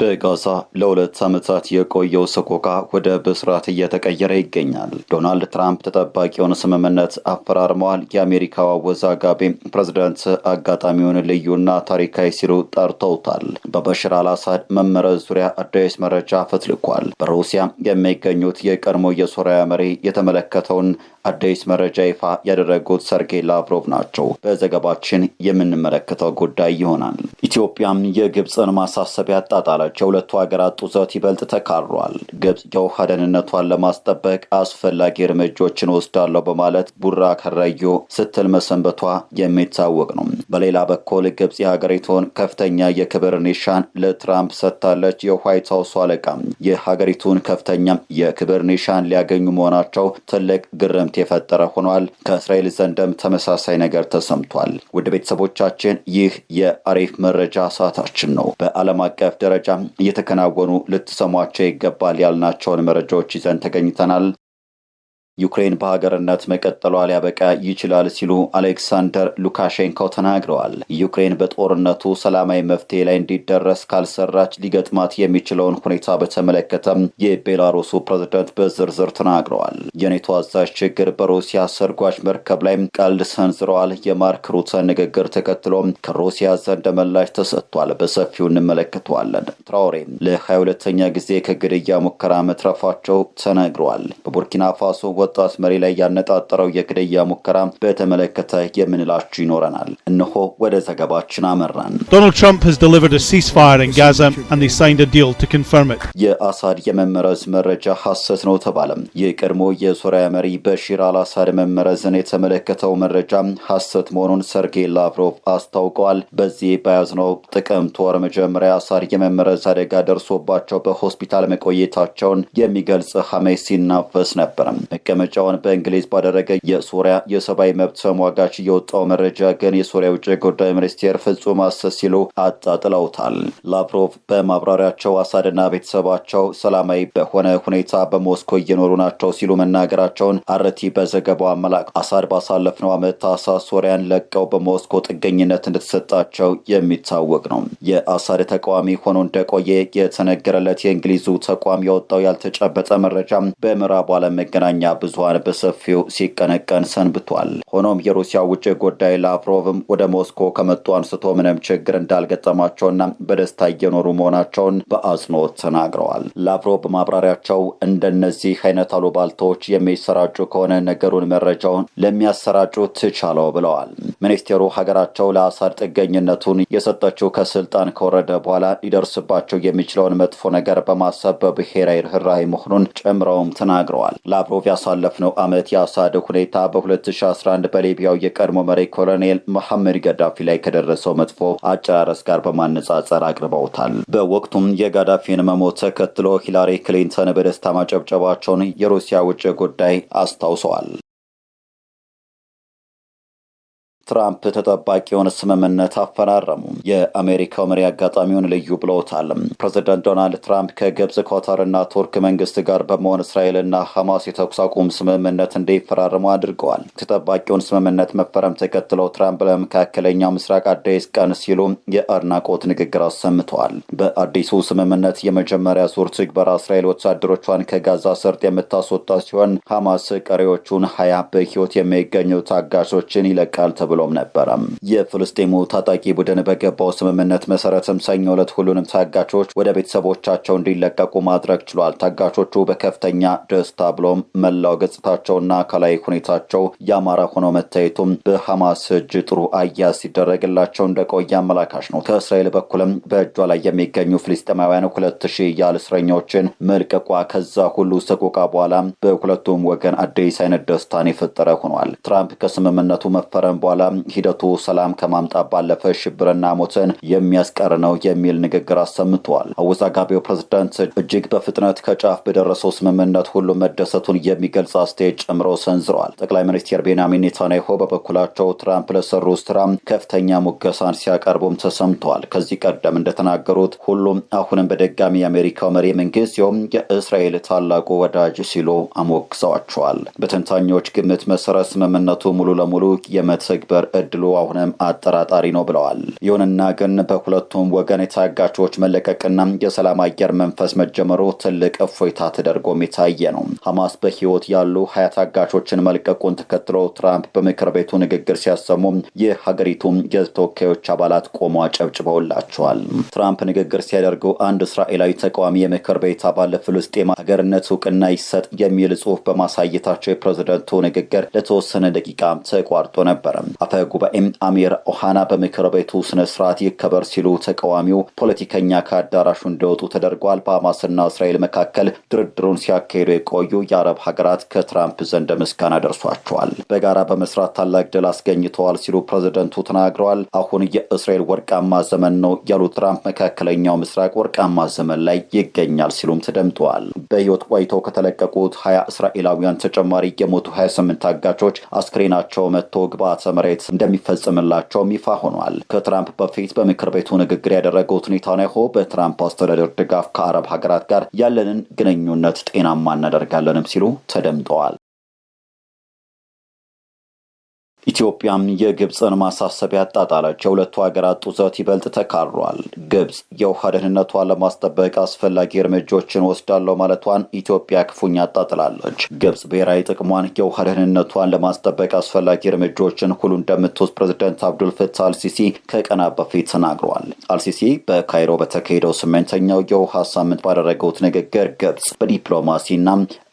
በጋዛ ለሁለት ዓመታት የቆየው ሰቆቃ ወደ ብስራት እየተቀየረ ይገኛል። ዶናልድ ትራምፕ ተጠባቂውን ስምምነት አፈራርመዋል። የአሜሪካው አወዛጋቢ ፕሬዝዳንት አጋጣሚውን ልዩና ታሪካዊ ሲሉ ጠርተውታል። በበሽር አልአሳድ መመረዝ ዙሪያ አዲስ መረጃ ፈትልኳል። በሩሲያ የሚገኙት የቀድሞ የሶሪያ መሪ የተመለከተውን አዲስ መረጃ ይፋ ያደረጉት ሰርጌይ ላቭሮቭ ናቸው። በዘገባችን የምንመለከተው ጉዳይ ይሆናል። ኢትዮጵያም የግብፅን ማሳሰቢያ አጣጣለች። የሁለቱ ሀገራት ጡዘት ይበልጥ ተካሯል። ግብፅ የውሃ ደህንነቷን ለማስጠበቅ አስፈላጊ እርምጃዎችን ወስዳለሁ በማለት ቡራ ከረዮ ስትል መሰንበቷ የሚታወቅ ነው። በሌላ በኩል ግብፅ የሀገሪቱን ከፍተኛ የክብር ኒሻን ለትራምፕ ሰጥታለች። የዋይት ሀውሱ አለቃ የሀገሪቱን ከፍተኛ የክብር ኒሻን ሊያገኙ መሆናቸው ትልቅ ግርምት የፈጠረ ሆኗል። ከእስራኤል ዘንድም ተመሳሳይ ነገር ተሰምቷል። ወደ ቤተሰቦቻችን ይህ የአሪፍ መረጃ ሰዓታችን ነው። በዓለም አቀፍ ደረጃም እየተከናወኑ ልትሰሟቸው ይገባል ያልናቸውን መረጃዎች ይዘን ተገኝተናል። ዩክሬን በሀገርነት መቀጠሏ ሊያበቃ ይችላል ሲሉ አሌክሳንደር ሉካሼንኮ ተናግረዋል። ዩክሬን በጦርነቱ ሰላማዊ መፍትሄ ላይ እንዲደረስ ካልሰራች ሊገጥማት የሚችለውን ሁኔታ በተመለከተም የቤላሩሱ ፕሬዝደንት በዝርዝር ተናግረዋል። የኔቶ አዛዥ ችግር በሩሲያ ሰርጓጅ መርከብ ላይም ቀልድ ሰንዝረዋል። የማርክ ሩተ ንግግር ተከትሎ ከሩሲያ ዘንድ ምላሽ ተሰጥቷል። በሰፊው እንመለከተዋለን። ትራውሬ ለ22ኛ ጊዜ ከግድያ ሙከራ መትረፋቸው ተነግረዋል። በቡርኪና ፋሶ ወጣት መሪ ላይ ያነጣጠረው የግድያ ሙከራ በተመለከተ የምንላችሁ ይኖረናል። እነሆ ወደ ዘገባችን አመራን። የአሳድ የመመረዝ መረጃ ሐሰት ነው ተባለ። የቀድሞ የሶሪያ መሪ በሺር አልአሳድ መመረዝን የተመለከተው መረጃ ሐሰት መሆኑን ሰርጌይ ላቭሮቭ አስታውቀዋል። በዚህ በያዝነው ጥቅምት ወር መጀመሪያ አሳድ የመመረዝ አደጋ ደርሶባቸው በሆስፒታል መቆየታቸውን የሚገልጽ ሐሜት ሲናፈስ ነበር። መቀመጫውን በእንግሊዝ ባደረገ የሶሪያ የሰብአዊ መብት ተሟጋች የወጣው መረጃ ግን የሶሪያ ውጭ ጉዳይ ሚኒስቴር ፍጹም አሰስ ሲሉ አጣጥለውታል። ላቭሮቭ በማብራሪያቸው አሳድና ቤተሰባቸው ሰላማዊ በሆነ ሁኔታ በሞስኮ እየኖሩ ናቸው ሲሉ መናገራቸውን አርቲ በዘገባው አመላክ አሳድ ባሳለፍነው ዓመት ታህሳስ ሶሪያን ለቀው በሞስኮ ጥገኝነት እንደተሰጣቸው የሚታወቅ ነው። የአሳድ ተቃዋሚ ሆኖ እንደቆየ የተነገረለት የእንግሊዙ ተቋም ያወጣው ያልተጨበጠ መረጃ በምዕራቡ ዓለም መገናኛ ብዙ ብዙሀን በሰፊው ሲቀነቀን ሰንብቷል። ሆኖም የሩሲያ ውጭ ጉዳይ ላቭሮቭም ወደ ሞስኮ ከመጡ አንስቶ ምንም ችግር እንዳልገጠማቸውና በደስታ እየኖሩ መሆናቸውን በአጽንኦት ተናግረዋል። ላቭሮቭ በማብራሪያቸው እንደነዚህ አይነት አሉባልታዎች የሚሰራጩ ከሆነ ነገሩን መረጃውን ለሚያሰራጩ ትቻለው ብለዋል። ሚኒስቴሩ ሀገራቸው ለአሳድ ጥገኝነቱን የሰጠችው ከስልጣን ከወረደ በኋላ ሊደርስባቸው የሚችለውን መጥፎ ነገር በማሰብ በብሔራዊ ርኅራኄ መሆኑን ጨምረውም ተናግረዋል። ላቭሮቭ ነው ዓመት የአሳደ ሁኔታ በ2011 በሊቢያው የቀድሞ መሪ ኮሎኔል መሐመድ ገዳፊ ላይ ከደረሰው መጥፎ አጨራረስ ጋር በማነጻጸር አቅርበውታል። በወቅቱም የጋዳፊን መሞት ተከትሎ ሂላሪ ክሊንተን በደስታ ማጨብጨባቸውን የሩሲያ ውጭ ጉዳይ አስታውሰዋል። ትራምፕ ተጠባቂውን ስምምነት አፈራረሙ። የአሜሪካው መሪ አጋጣሚውን ልዩ ብለውታል። ፕሬዚደንት ዶናልድ ትራምፕ ከግብፅ ኳታርና ቱርክ መንግስት ጋር በመሆን እስራኤልና ሐማስ የተኩስ አቁም ስምምነት እንዲፈራረሙ አድርገዋል። ተጠባቂውን ስምምነት መፈረም ተከትለው ትራምፕ ለመካከለኛው ምስራቅ አዲስ ቀን ሲሉ የአድናቆት ንግግር አሰምተዋል። በአዲሱ ስምምነት የመጀመሪያ ዙር ትግበራ እስራኤል ወታደሮቿን ከጋዛ ሰርጥ የምታስወጣ ሲሆን ሐማስ ቀሪዎቹን ሀያ በህይወት የሚገኙ ታጋሾችን ይለቃል ተብሎ ብሎም ነበረም። የፍልስጤሙ ታጣቂ ቡድን በገባው ስምምነት መሰረትም ሰኞ ዕለት ሁሉንም ታጋቾች ወደ ቤተሰቦቻቸው እንዲለቀቁ ማድረግ ችሏል። ታጋቾቹ በከፍተኛ ደስታ ብሎም መላው ገጽታቸውና አካላዊ ሁኔታቸው ያማረ ሆኖ መታየቱም በሐማስ እጅ ጥሩ አያያዝ ሲደረግላቸው እንደቆየ አመላካሽ ነው። ከእስራኤል በኩልም በእጇ ላይ የሚገኙ ፍልስጤማውያን ሁለት ሺህ ያህል እስረኞችን መልቀቋ ከዛ ሁሉ ሰቆቃ በኋላ በሁለቱም ወገን አዲስ አይነት ደስታን የፈጠረ ሆኗል። ትራምፕ ከስምምነቱ መፈረም በኋላ ሂደቱ ሰላም ከማምጣት ባለፈ ሽብርና ሞትን የሚያስቀር ነው የሚል ንግግር አሰምተዋል። አወዛጋቢው ፕሬዝዳንት እጅግ በፍጥነት ከጫፍ በደረሰው ስምምነት ሁሉ መደሰቱን የሚገልጽ አስተያየት ጨምሮ ሰንዝረዋል። ጠቅላይ ሚኒስትር ቤንያሚን ኔታንያሁ በበኩላቸው ትራምፕ ለሰሩ ስራ ከፍተኛ ሙገሳን ሲያቀርቡም ተሰምተዋል። ከዚህ ቀደም እንደተናገሩት ሁሉም አሁንም በደጋሚ የአሜሪካው መሪ መንግስት ሲሆን የእስራኤል ታላቁ ወዳጅ ሲሉ አሞግሰዋቸዋል። በተንታኞች ግምት መሰረት ስምምነቱ ሙሉ ለሙሉ የመተግበር የመተባበር እድሉ አሁንም አጠራጣሪ ነው ብለዋል። ይሁንና ግን በሁለቱም ወገን የታጋቾች መለቀቅና የሰላም አየር መንፈስ መጀመሩ ትልቅ እፎይታ ተደርጎም የታየ ነው። ሐማስ በሕይወት ያሉ ሀያ ታጋቾችን መልቀቁን ተከትሎ ትራምፕ በምክር ቤቱ ንግግር ሲያሰሙ የሀገሪቱ የህዝብ ተወካዮች አባላት ቆሞ አጨብጭበውላቸዋል። ትራምፕ ንግግር ሲያደርጉ አንድ እስራኤላዊ ተቃዋሚ የምክር ቤት አባል ለፍልስጤም ሀገርነት እውቅና ይሰጥ የሚል ጽሑፍ በማሳየታቸው የፕሬዝደንቱ ንግግር ለተወሰነ ደቂቃ ተቋርጦ ነበረ። አፈ ጉባኤም አሚር ኦሃና በምክር ቤቱ ስነ ስርዓት ይከበር ሲሉ ተቃዋሚው ፖለቲከኛ ከአዳራሹ እንደወጡ ተደርጓል። በሐማስና እስራኤል መካከል ድርድሩን ሲያካሂዱ የቆዩ የአረብ ሀገራት ከትራምፕ ዘንድ ምስጋና ደርሷቸዋል። በጋራ በመስራት ታላቅ ድል አስገኝተዋል ሲሉ ፕሬዝደንቱ ተናግረዋል። አሁን የእስራኤል ወርቃማ ዘመን ነው ያሉት ትራምፕ መካከለኛው ምስራቅ ወርቃማ ዘመን ላይ ይገኛል ሲሉም ተደምጠዋል። በህይወት ቆይተው ከተለቀቁት ሀያ እስራኤላውያን ተጨማሪ የሞቱ 28 አጋቾች አስክሬናቸው መጥቶ ግብዓተ መሬት መሬት እንደሚፈጸምላቸውም ይፋ ሆኗል። ከትራምፕ በፊት በምክር ቤቱ ንግግር ያደረጉት ኔታንያሁ በትራምፕ አስተዳደር ድጋፍ ከአረብ ሀገራት ጋር ያለንን ግንኙነት ጤናማ እናደርጋለንም ሲሉ ተደምጠዋል። ኢትዮጵያም የግብፅን ማሳሰቢያ ያጣጣለች። የሁለቱ ሀገራት ጡዘት ይበልጥ ተካሯል። ግብፅ የውሃ ደህንነቷን ለማስጠበቅ አስፈላጊ እርምጃዎችን ወስዳለሁ ማለቷን ኢትዮጵያ ክፉኛ አጣጥላለች። ግብፅ ብሔራዊ ጥቅሟን፣ የውሃ ደህንነቷን ለማስጠበቅ አስፈላጊ እርምጃዎችን ሁሉ እንደምትወስድ ፕሬዝደንት አብዱልፈታህ አልሲሲ ከቀናት በፊት ተናግረዋል። አልሲሲ በካይሮ በተካሄደው ስምንተኛው የውሃ ሳምንት ባደረገውት ንግግር ግብፅ በዲፕሎማሲና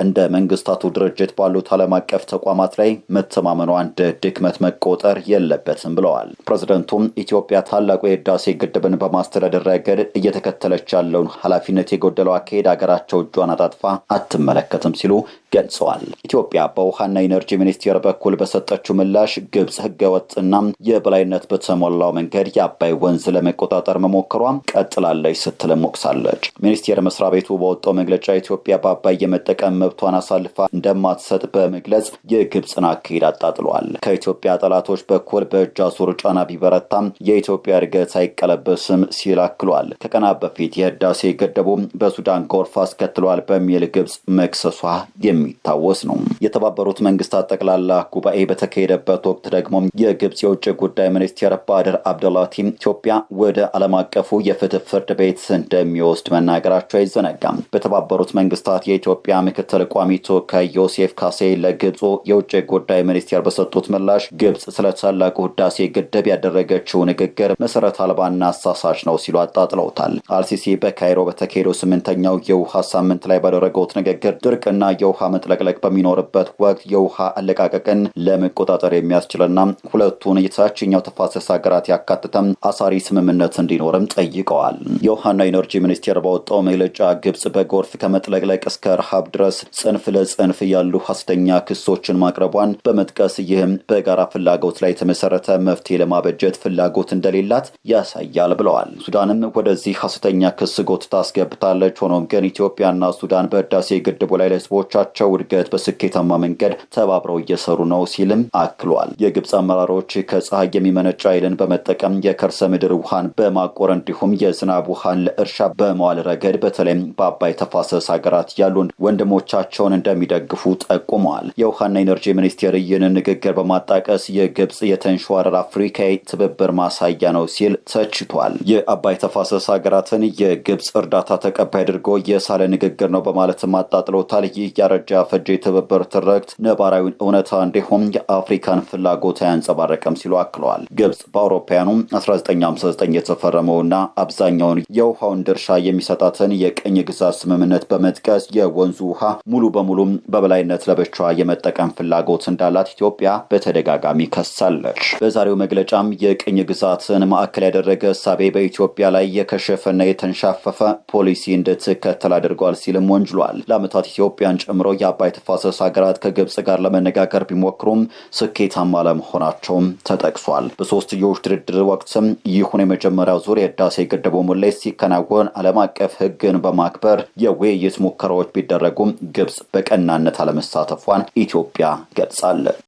እንደ መንግስታቱ ድርጅት ባሉት ዓለም አቀፍ ተቋማት ላይ መተማመኗን ድድክ ድክመት መቆጠር የለበትም ብለዋል። ፕሬዝደንቱም ኢትዮጵያ ታላቁ የህዳሴ ግድብን በማስተዳደር ረገድ እየተከተለች ያለውን ኃላፊነት የጎደለው አካሄድ አገራቸው እጇን አጣጥፋ አትመለከትም ሲሉ ገልጸዋል። ኢትዮጵያ በውሃና ኢነርጂ ሚኒስቴር በኩል በሰጠችው ምላሽ ግብፅ ህገወጥና የበላይነት በተሞላው መንገድ የአባይ ወንዝ ለመቆጣጠር መሞከሯ ቀጥላለች ስትልም ሞቅሳለች። ሚኒስቴር መስሪያ ቤቱ በወጣው መግለጫ ኢትዮጵያ በአባይ የመጠቀም መብቷን አሳልፋ እንደማትሰጥ በመግለጽ የግብፅን አካሄድ አጣጥሏል። በኢትዮጵያ ጠላቶች በኩል በእጅ አዙር ጫና ቢበረታም የኢትዮጵያ እድገት አይቀለበስም ሲል አክሏል። ከቀናት በፊት የህዳሴ ገደቡ በሱዳን ጎርፍ አስከትሏል በሚል ግብጽ መክሰሷ የሚታወስ ነው። የተባበሩት መንግስታት ጠቅላላ ጉባኤ በተካሄደበት ወቅት ደግሞ የግብጽ የውጭ ጉዳይ ሚኒስቴር ባድር አብደላቲ ኢትዮጵያ ወደ ዓለም አቀፉ የፍትህ ፍርድ ቤት እንደሚወስድ መናገራቸው አይዘነጋም። በተባበሩት መንግስታት የኢትዮጵያ ምክትል ቋሚ ተወካይ ዮሴፍ ካሴ ለግብፁ የውጭ ጉዳይ ሚኒስቴር በሰጡት ምላሽ ምላሽ ግብጽ ስለ ታላቁ ህዳሴ ግድብ ያደረገችው ንግግር መሰረት አልባና አሳሳች ነው ሲሉ አጣጥለውታል። አልሲሲ በካይሮ በተካሄደው ስምንተኛው የውሃ ሳምንት ላይ ባደረገውት ንግግር ድርቅና የውሃ መጥለቅለቅ በሚኖርበት ወቅት የውሃ አለቃቀቅን ለመቆጣጠር የሚያስችልና ሁለቱን የታችኛው ተፋሰስ ሀገራት ያካትተም አሳሪ ስምምነት እንዲኖርም ጠይቀዋል። የውሃና ኢነርጂ ሚኒስቴር ባወጣው መግለጫ ግብጽ በጎርፍ ከመጥለቅለቅ እስከ ረሃብ ድረስ ጽንፍ ለጽንፍ ያሉ ሀስተኛ ክሶችን ማቅረቧን በመጥቀስ ይህም በ የጋራ ፍላጎት ላይ የተመሰረተ መፍትሄ ለማበጀት ፍላጎት እንደሌላት ያሳያል ብለዋል። ሱዳንም ወደዚህ ሐሰተኛ ክስ ጎት ታስገብታለች። ሆኖም ግን ኢትዮጵያና ሱዳን በህዳሴ ግድቡ ላይ ለህዝቦቻቸው እድገት በስኬታማ መንገድ ተባብረው እየሰሩ ነው ሲልም አክሏል። የግብፅ አመራሮች ከፀሐይ የሚመነጭ ኃይልን በመጠቀም የከርሰ ምድር ውሃን በማቆር እንዲሁም የዝናብ ውሃን ለእርሻ በመዋል ረገድ በተለይም በአባይ ተፋሰስ ሀገራት ያሉ ወንድሞቻቸውን እንደሚደግፉ ጠቁመዋል። የውሃና ኢነርጂ ሚኒስቴር ይህንን ንግግር በማጣ መንቀሳቀስ የግብፅ የተንሸዋረር አፍሪካዊ ትብብር ማሳያ ነው ሲል ተችቷል። የአባይ ተፋሰስ ሀገራትን የግብፅ እርዳታ ተቀባይ አድርጎ የሳለ ንግግር ነው በማለትም አጣጥሎታል። ይህ ያረጃ ፈጀ የትብብር ትርክት ነባራዊን እውነታ እንዲሁም የአፍሪካን ፍላጎት አያንጸባረቅም ሲሉ አክለዋል። ግብፅ በአውሮፓውያኑ 1959 የተፈረመውና አብዛኛውን የውሃውን ድርሻ የሚሰጣትን የቅኝ ግዛት ስምምነት በመጥቀስ የወንዙ ውሃ ሙሉ በሙሉም በበላይነት ለብቻዋ የመጠቀም ፍላጎት እንዳላት ኢትዮጵያ በተደ በተደጋጋሚ ከሳለች። በዛሬው መግለጫም የቅኝ ግዛትን ማዕከል ያደረገ እሳቤ በኢትዮጵያ ላይ የከሸፈና የተንሻፈፈ ፖሊሲ እንድትከተል አድርጓል ሲልም ወንጅሏል። ለአመታት ኢትዮጵያን ጨምሮ የአባይ ተፋሰስ ሀገራት ከግብፅ ጋር ለመነጋገር ቢሞክሩም ስኬታማ ለመሆናቸውም ተጠቅሷል። በሶስትዮሽ ድርድር ወቅትም ይሁን የመጀመሪያው ዙር የህዳሴ ግድቡ ሙሌት ሲከናወን ዓለም አቀፍ ህግን በማክበር የውይይት ሙከራዎች ቢደረጉም ግብፅ በቀናነት አለመሳተፏን ኢትዮጵያ ገልጻለች።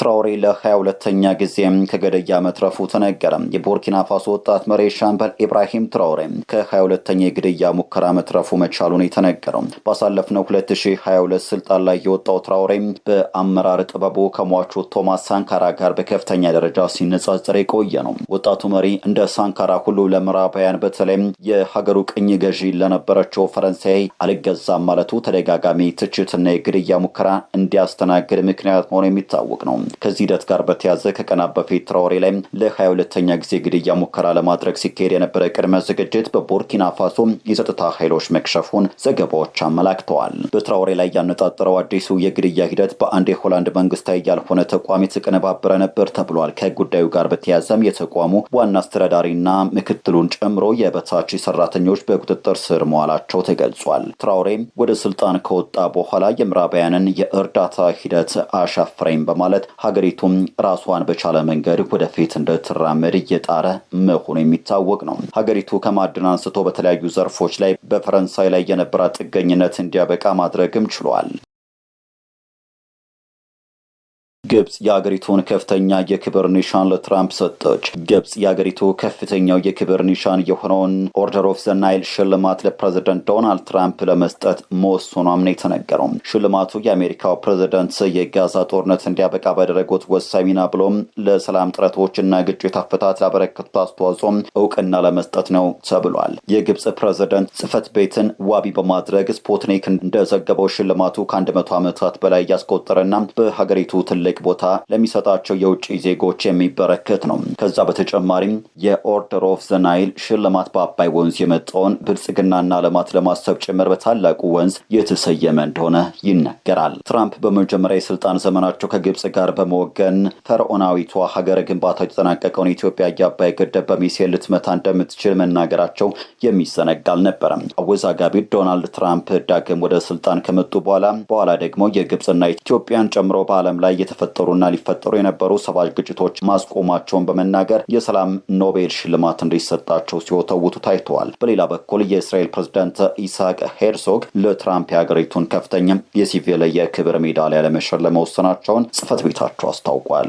ትራውሬ ለ 22 ጊዜ ከገደያ መትረፉ ተነገረ። የቡርኪና ፋሶ ወጣት መሪ ሻምበል ኢብራሂም ትራውሬ ከ 22 የግድያ ሙከራ መትረፉ መቻሉን የተነገረው ባሳለፍነው 2022 ስልጣን ላይ የወጣው ትራውሬ በአመራር ጥበቡ ከሟቹ ቶማስ ሳንካራ ጋር በከፍተኛ ደረጃ ሲነጻጸር የቆየ ነው። ወጣቱ መሪ እንደ ሳንካራ ሁሉ ለምዕራባውያን በተለይም የሀገሩ ቅኝ ገዢ ለነበረችው ፈረንሳይ አልገዛም ማለቱ ተደጋጋሚ ትችትና የግድያ ሙከራ እንዲያስተናግድ ምክንያት መሆኑ የሚታወቅ ነው። ከዚህ ሂደት ጋር በተያዘ ከቀናት በፊት ትራኦሬ ላይ ለ22ተኛ ጊዜ ግድያ ሙከራ ለማድረግ ሲካሄድ የነበረ ቅድመ ዝግጅት በቡርኪና ፋሶ የጸጥታ ኃይሎች መክሸፉን ዘገባዎች አመላክተዋል። በትራኦሬ ላይ ያነጣጠረው አዲሱ የግድያ ሂደት በአንድ የሆላንድ መንግስታዊ ያልሆነ ተቋም የተቀነባበረ ነበር ተብሏል። ከጉዳዩ ጋር በተያያዘም የተቋሙ ዋና አስተዳዳሪና ምክትሉን ጨምሮ የበታች ሰራተኞች በቁጥጥር ስር መዋላቸው ተገልጿል። ትራኦሬ ወደ ስልጣን ከወጣ በኋላ የምዕራባውያንን የእርዳታ ሂደት አሻፍረኝ በማለት ሀገሪቱም ራሷን በቻለ መንገድ ወደፊት እንድትራመድ እየጣረ መሆኑ የሚታወቅ ነው። ሀገሪቱ ከማዕድን አንስቶ በተለያዩ ዘርፎች ላይ በፈረንሳይ ላይ የነበራት ጥገኝነት እንዲያበቃ ማድረግም ችሏል። ግብጽ የአገሪቱን ከፍተኛ የክብር ኒሻን ለትራምፕ ሰጠች። ግብጽ የአገሪቱ ከፍተኛው የክብር ኒሻን የሆነውን ኦርደር ኦፍ ዘናይል ሽልማት ለፕሬዝደንት ዶናልድ ትራምፕ ለመስጠት መወሰኗም ነው የተነገረው። ሽልማቱ የአሜሪካው ፕሬዝደንት የጋዛ ጦርነት እንዲያበቃ ባደረጉት ወሳኝ ሚና ብሎም ለሰላም ጥረቶችና ግጭት አፈታት ላበረከቱት አስተዋጽኦም እውቅና ለመስጠት ነው ተብሏል። የግብጽ ፕሬዝደንት ጽህፈት ቤትን ዋቢ በማድረግ ስፖትኒክ እንደዘገበው ሽልማቱ ከአንድ መቶ ዓመታት በላይ እያስቆጠረና በሀገሪቱ ትልቅ ትልቅ ቦታ ለሚሰጣቸው የውጭ ዜጎች የሚበረከት ነው። ከዛ በተጨማሪም የኦርደር ኦፍ ዘናይል ሽልማት በአባይ ወንዝ የመጣውን ብልጽግናና ልማት ለማሰብ ጭምር በታላቁ ወንዝ የተሰየመ እንደሆነ ይነገራል። ትራምፕ በመጀመሪያ የስልጣን ዘመናቸው ከግብፅ ጋር በመወገን ፈርዖናዊቷ ሀገረ ግንባታ የተጠናቀቀውን ኢትዮጵያ የአባይ ገደብ በሚሳኤል ልትመታ እንደምትችል መናገራቸው የሚዘነጋ አልነበረም። አወዛጋቢ ዶናልድ ትራምፕ ዳግም ወደ ስልጣን ከመጡ በኋላ በኋላ ደግሞ የግብፅና ኢትዮጵያን ጨምሮ በዓለም ላይ የተፈ የተፈጠሩና ሊፈጠሩ የነበሩ ሰባጅ ግጭቶች ማስቆማቸውን በመናገር የሰላም ኖቤል ሽልማት እንዲሰጣቸው ሲወተውቱ ታይተዋል። በሌላ በኩል የእስራኤል ፕሬዝዳንት ኢስሐቅ ሄርሶግ ለትራምፕ የሀገሪቱን ከፍተኛ የሲቪል የክብር ሜዳሊያ ለመሸለም መወሰናቸውን ጽህፈት ቤታቸው አስታውቋል።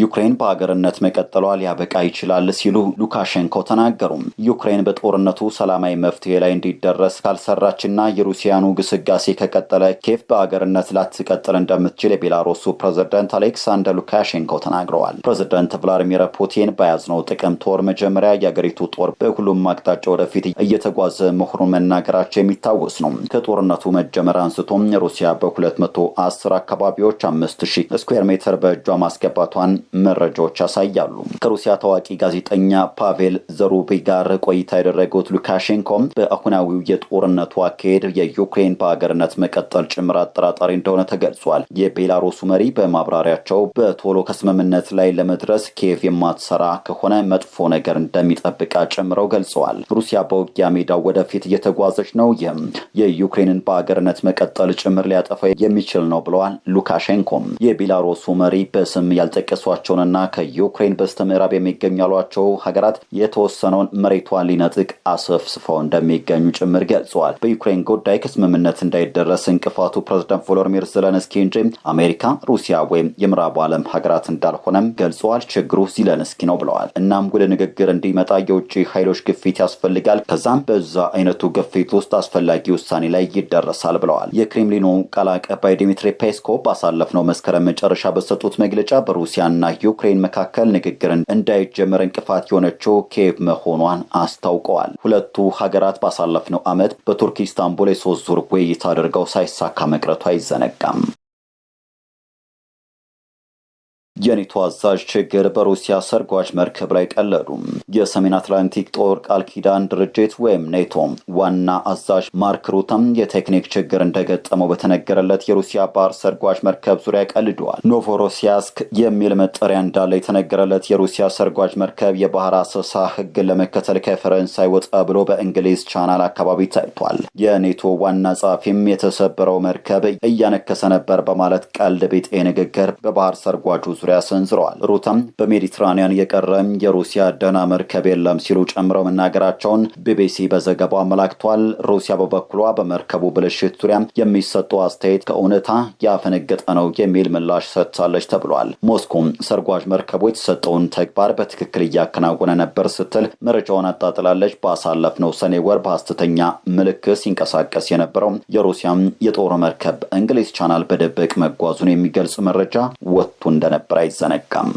ዩክሬን በአገርነት መቀጠሏ ሊያበቃ ይችላል ሲሉ ሉካሼንኮ ተናገሩ። ዩክሬን በጦርነቱ ሰላማዊ መፍትሄ ላይ እንዲደረስ ካልሰራችና የሩሲያኑ ግስጋሴ ከቀጠለ ኬፍ በአገርነት ላትቀጥል እንደምትችል የቤላሩሱ ፕሬዝዳንት አሌክሳንደር ሉካሼንኮ ተናግረዋል። ፕሬዝዳንት ቭላዲሚር ፑቲን በያዝነው ጥቅምት ወር መጀመሪያ የአገሪቱ ጦር በሁሉም አቅጣጫ ወደፊት እየተጓዘ መሆኑን መናገራቸው የሚታወስ ነው። ከጦርነቱ መጀመር አንስቶም ሩሲያ በ210 አካባቢዎች 5000 ስኩዌር ሜትር በእጇ ማስገባቷን መረጃዎች ያሳያሉ። ከሩሲያ ታዋቂ ጋዜጠኛ ፓቬል ዘሩቢ ጋር ቆይታ ያደረጉት ሉካሼንኮ በአሁናዊው የጦርነቱ አካሄድ የዩክሬን በሀገርነት መቀጠል ጭምር አጠራጣሪ እንደሆነ ተገልጿል። የቤላሩሱ መሪ በማብራሪያቸው በቶሎ ከስምምነት ላይ ለመድረስ ኬቭ የማትሰራ ከሆነ መጥፎ ነገር እንደሚጠብቃ ጨምረው ገልጸዋል። ሩሲያ በውጊያ ሜዳው ወደፊት እየተጓዘች ነው፣ ይህም የዩክሬንን በሀገርነት መቀጠል ጭምር ሊያጠፋ የሚችል ነው ብለዋል ሉካሼንኮም። የቤላሩሱ መሪ በስም ያልጠቀሱ ያደረሷቸውንና ከዩክሬን በስተምዕራብ የሚገኙ ያሏቸው ሀገራት የተወሰነውን መሬቷን ሊነጥቅ አሰፍስፈው እንደሚገኙ ጭምር ገልጸዋል። በዩክሬን ጉዳይ ከስምምነት እንዳይደረስ እንቅፋቱ ፕሬዝዳንት ቮሎዲሚር ዘለንስኪ እንጂ አሜሪካ፣ ሩሲያ ወይም የምዕራቡ ዓለም ሀገራት እንዳልሆነም ገልጸዋል። ችግሩ ዜለንስኪ ነው ብለዋል። እናም ወደ ንግግር እንዲመጣ የውጭ ኃይሎች ግፊት ያስፈልጋል። ከዛም በዛ አይነቱ ግፊት ውስጥ አስፈላጊ ውሳኔ ላይ ይደረሳል ብለዋል። የክሬምሊኑ ቃል አቀባይ ዲሚትሪ ፔስኮቭ ባሳለፍነው መስከረም መጨረሻ በሰጡት መግለጫ በሩሲያ ሩሲያና ዩክሬን መካከል ንግግር እንዳይጀመር እንቅፋት የሆነችው ኬቭ መሆኗን አስታውቀዋል። ሁለቱ ሀገራት ባሳለፍነው ዓመት በቱርክ ኢስታንቡል የሶስት ዙር ውይይት አድርገው ሳይሳካ መቅረቱ አይዘነጋም። የኔቶ አዛዥ ችግር በሩሲያ ሰርጓጅ መርከብ ላይ ቀለዱ። የሰሜን አትላንቲክ ጦር ቃል ኪዳን ድርጅት ወይም ኔቶ ዋና አዛዥ ማርክ ሩተም የቴክኒክ ችግር እንደገጠመው በተነገረለት የሩሲያ ባህር ሰርጓጅ መርከብ ዙሪያ ቀልደዋል። ኖቮሮሲያስክ የሚል መጠሪያ እንዳለ የተነገረለት የሩሲያ ሰርጓጅ መርከብ የባህር አሰሳ ህግ ለመከተል ከፈረንሳይ ወጣ ብሎ በእንግሊዝ ቻናል አካባቢ ታይቷል። የኔቶ ዋና ጸሐፊም የተሰበረው መርከብ እያነከሰ ነበር በማለት ቀልድ ቢጤ ንግግር በባህር ሰርጓጁ ዙሪያ ሰንዝረዋል። ሩተም በሜዲትራኒያን የቀረ የሩሲያ ደህና መርከብ የለም ሲሉ ጨምረው መናገራቸውን ቢቢሲ በዘገባው አመላክቷል። ሩሲያ በበኩሏ በመርከቡ ብልሽት ዙሪያ የሚሰጡ አስተያየት ከእውነታ ያፈነገጠ ነው የሚል ምላሽ ሰጥታለች ተብሏል። ሞስኮም ሰርጓጅ መርከቡ የተሰጠውን ተግባር በትክክል እያከናወነ ነበር ስትል መረጃውን አጣጥላለች። ባሳለፍነው ሰኔ ወር በሐሰተኛ ምልክት ሲንቀሳቀስ የነበረው የሩሲያም የጦር መርከብ እንግሊዝ ቻናል በደበቅ መጓዙን የሚገልጽ መረጃ ወጥቶ እንደነበር பிரைஸ் வணக்கம்